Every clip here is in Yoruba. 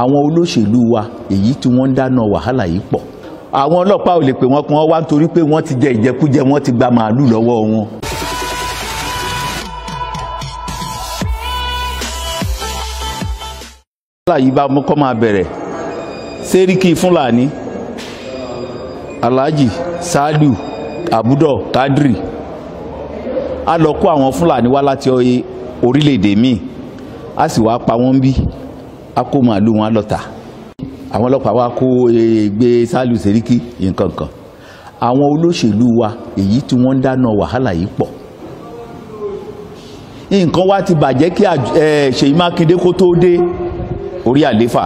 àwọn olóṣèlú wa èyí tí wọ́n ń dáná wàhálà yìí pọ̀ àwọn ọlọ́pàá ò lè pè wọ́n kan wá nítorí pé wọ́n ti jẹ ìjẹkújẹ wọ́n ti gba màálù lọ́wọ́ wọn. wàhálà yìí bá kọ́ máa bẹ̀rẹ̀ sẹ́ríkì fúlàní alhaji saliu abudo kadri a lọ kó àwọn fúlàní wá láti orílẹ̀-èdè míì a sì wá pa wọ́n bí a kó màálù wọn lọ́tà àwọn ọlọ́pàá wa kó e, gbé sálù sẹ́ríkì nǹkan kan àwọn olóṣèlú wa èyí tí wọ́n ń dáná wàhálà yìí pọ̀ nǹkan wa ti bàjẹ́ kí Ṣèyí Mákindé kó tó dé orí àléfà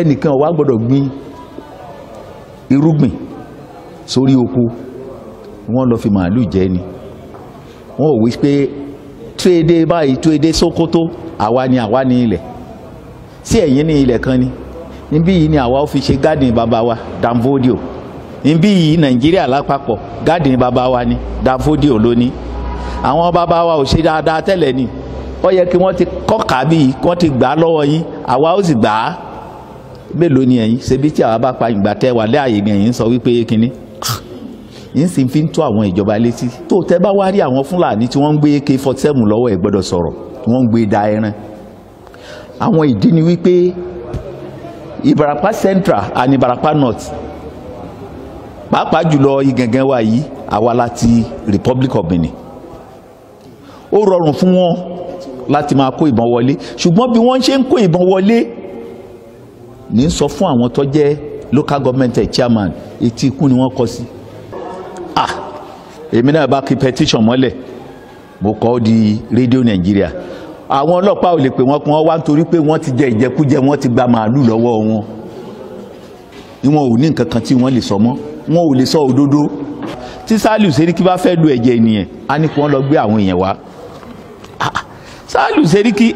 ẹnìkan wa gbọ́dọ̀ gbin irúgbìn sórí oko wọ́n lọ fi màálù jẹ ni wọ́n ò wí pé túwédé báyìí túwédé Sókótó. So àwa ni àwa ni ilẹ̀ sí ẹ̀yìn ní ilẹ̀ kan ni níbí yìí ni àwa ó fi ṣe garden bàbá wa danfodio níbí yìí nàìjíríà lápapọ̀ garden bàbá wa ni danfodio lónìí àwọn bàbá wa ò ṣe dáadáa tẹ́lẹ̀ ni ó yẹ kí wọ́n ti kọ́ka bíi kí wọ́n ti gbà á lọ́wọ́ yín àwa ó sì gbà á mélòó ni ẹ̀yin ṣebí tí àwa bá pa ìgbà tẹ́ wà láàyè ẹ̀yin sọ wípé kínní yín sì fi ń tó àwọn ìjọba létí tó tẹ́ bá wá rí àwọn fúlàní tí wọ́n ń gbé ak forty seven lọ́wọ́ ẹ̀ gbọ́dọ̀ sọ̀rọ̀ wọ́n ń gbé da ẹran àwọn ìdí ni wípé Ìbàràpá Central and Ìbàràpá North pàápàá jùlọ Ìgàngán wa yìí àwa láti Republic of Benin ó rọrùn fún wọn láti máa kó ìbọn wọlé ṣùgbọ́n bí wọ́n ṣe ń kó ìbọn wọlé ní sọ fún àwọn tó jẹ́ local government chairman etí ikú ni wọ́n kọ sí. ah èmi náà bá kí petition mọ́lẹ̀ mo kọ́ ọ́ di rédíò nàìjíríà àwọn ọlọ́pàá ò lè pè wọ́n kún ọ wá nítorí pé wọ́n ti jẹ ìjẹkújẹ wọ́n ti gba màálù lọ́wọ́ wọn ìwọ̀n ò ní nǹkan kan tí wọ́n lè sọ mọ́ wọn ò lè sọ òdodo tí Saliu Seriki bá fẹ́ lu ẹ̀jẹ̀ ènìyàn á ní kí wọ́n lọ gbé àwọn èèyàn wá Saliu ah, Seriki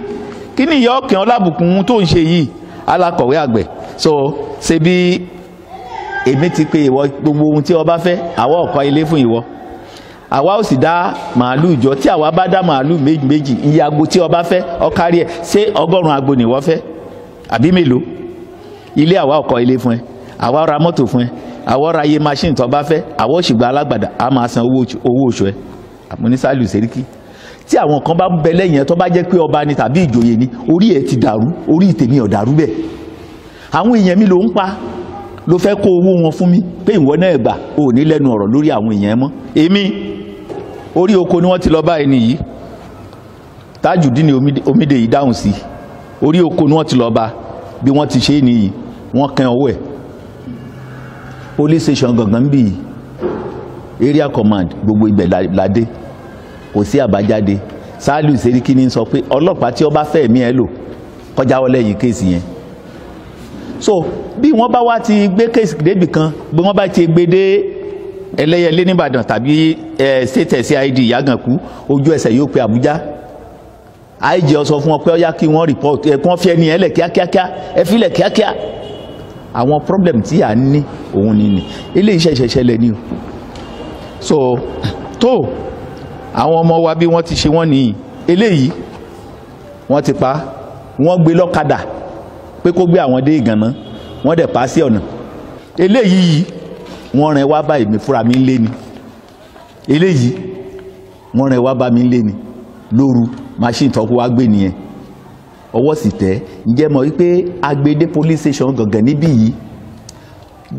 kí ni ìyá ọ̀kẹ́ ọlábùkún tó ń ṣe yìí alákọ̀wé àgbẹ̀ so ṣe bí èmi ti pé ìwọ gbogbo ohun tí o bá fẹ́ àwọn ọ̀kọ́ ilé fún ìwọ àwa ò sì dá màálù ìjọ tí àwa bá dá màálù méjì méjì iye agbo tí ọba fẹ́ ọkárí ẹ̀ ṣé ọgọ́rùn-ún agbo nìwọ fẹ́ àbí mélòó ilé àwa ọkọ̀ ilé fún ẹ àwa ra mọ́tò fún ẹ àwa ra iye machine tó bá fẹ́ àwa òṣìgbà alágbàdà á máa san owó oṣù ẹ àmúnísàlù sẹ́ríkì tí àwọn kan bá bẹ lẹ́yìn ẹ tó bá jẹ́ pé ọba ni tàbí ìjòyè ni orí ẹ ti dàrú orí tèmi ò dàrú bẹ́ẹ̀ àwọn èèyàn mi ló ń pa ló fẹ́ kó owó wọn fún mi pé ìwọ náà gbà ò ní lẹ́nu ọ̀rọ̀ lórí àwọn èèyàn mọ́ èmi orí oko ni wọ́n ti lọ bá ẹni yìí Tajudeen Omide yìí dáhùn sí orí oko ni wọ́n ti lọ bá bí wọ́n ti ṣe é nìyí wọ́n kẹ́ ọwọ́ ẹ̀ police station gangan bíi area command gbogbo ibẹ̀ ládé kò sí àbájáde Saliu Seriki ní sọ pé ọlọ́pàá tí ó bá fẹ́ mí ẹ lò kọjá wọlé yìí kéèsì yẹn so bí wọ́n bá wá ti gbé kéèsì débì kan bí wọ́n bá ti gbé dé ẹlẹ́yẹlé nìbàdàn tàbí ẹ state cid yàgànkú ojú ẹsẹ̀ yóò pe àbújá àìjẹ́ ọ sọ fún ọ pé ọ kí wọ́n report ẹ kàn fi ẹni ẹ lẹ̀ kíákíá ẹ fi lẹ̀ kíákíá àwọn problem tí à ń ní òun ni ni eléyìí ṣẹ̀ṣẹ̀ ni o so tó àwọn ọmọ wa bí wọ́n ti ṣe wọ́n nìyí eléyìí wọ́n ti pa wọ́n gbé lọ́kadà pé kó gbé àwọn dé Ìgànná wọ́n dẹ̀ pa sí ọ̀nà eléyìí yìí wọ́n rẹ̀ wá bá èmi fúnra mi lé ni eléyìí wọ́n rẹ̀ wá bá mi lé ni lóru machine tó wá gbé nìyẹn ọwọ́ sì tẹ̀ ǹjẹ́ mọ̀ wípé agbede police station gangan níbí yìí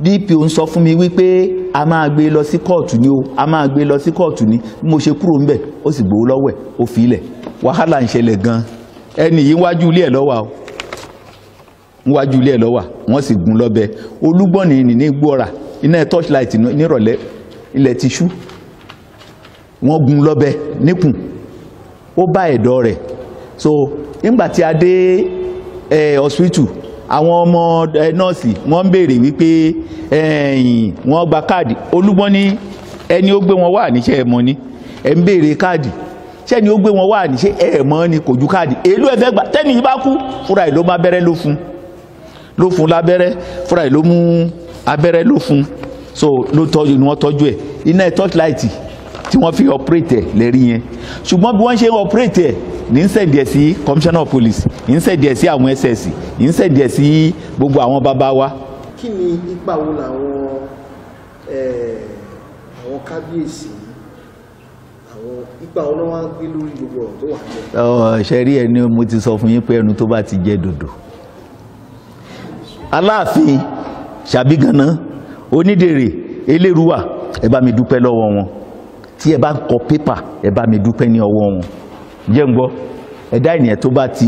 DPO ń sọ fún mi wípé a máa gbé lọ sí kóòtù ni o a máa gbé lọ sí kóòtù ni bí mo ṣe kúrò ńbẹ̀ ó sì gbowó lọ́wọ́ ó fi ilẹ̀ wàhálà ń ṣẹlẹ̀ gan ẹni yìí wájú ilé ẹ̀ lọ́wọ́ o wájú ilé ẹ̀ lọ́wọ́ wọ́n sì gún lọ́bẹ olúgbọ́n ní ní iná torchlight nírọ̀lẹ́ ilẹ̀ ti ṣú wọ́n gún lọ́bẹ níkùn ó bá ẹ̀dọ̀ rẹ̀ so nígbà tí a dé hospital àwọn ọmọ nọ́ọ̀sì wọ́n ń béèrè wípé wọ́n gba káàdì olúgbọ́n ní ẹni ó gbé wọn wà níṣẹ́ ẹ̀ mọ́ ni ẹ̀ ń béèrè káàdì sẹ́ni ó gbé wọn wà níṣẹ́ ẹ̀ mọ́ ni kò ju káàdì èlú ẹ̀fẹ́ gbà tẹ́ni yìí bá kú fúra ẹ̀ ló má bẹ́rẹ́ ló fún ló fún lábẹ́rẹ́ fúra ẹ̀ ló mú abẹ́rẹ́ ló fún so ló tọ́jú ni wọ́n tọ́jú ẹ̀ iná torchlight tí wọ́n fi operate ẹ̀ lẹ́rí yẹn ṣùgbọ́n bí wọ́n ṣe operate ẹ̀ ní ń sẹ̀díẹ̀ sí commissioner of police ní ń sẹ̀díẹ̀ sí àwọn ss ní ń sẹ̀díẹ̀ sí gbogbo àwọn bàbá wa. kí ni ipa wo làwọn àwọn kábíyèsí àwọn ipa wọn náà wá ń gbé lórí gbogbo ọ̀rọ̀ tó wà nílẹ̀. ọ ṣe rí ẹni mo ti sọ fún yín pé ẹnu tó bá ti jẹ dòdò aláàfin ṣàbí ganan onídèrè eléruwà ẹ bá mi dúpẹ́ lọ́wọ́ wọn tí ẹ bá ń kọ pépà ẹ bá mi dúpẹ́ ní ọwọ́ wọn jẹ́ ń gbọ́ ẹ̀dá ènìyàn tó bá ti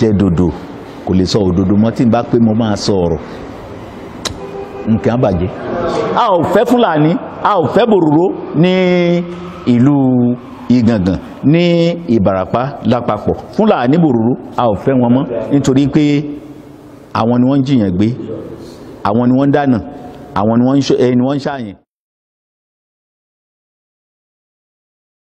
jẹ́ dodo kò lè sọ òdodo mọ́ tí n bá pé mo máa sọ ọ̀rọ̀ nǹkan àbàjẹ́ a ò fẹ́ fúlàní a ò fẹ́ bòròró ní ìlú ìgàngàn ní ìbàràpá lápapọ̀ fúlàní bòròró a ò fẹ́ wọn mọ́ nítorí pé àwọn ni wọ́n ń jiyàn gbé àwọn ni wọ́n ń dáná àwọn ni wọ́n ń ṣàyẹn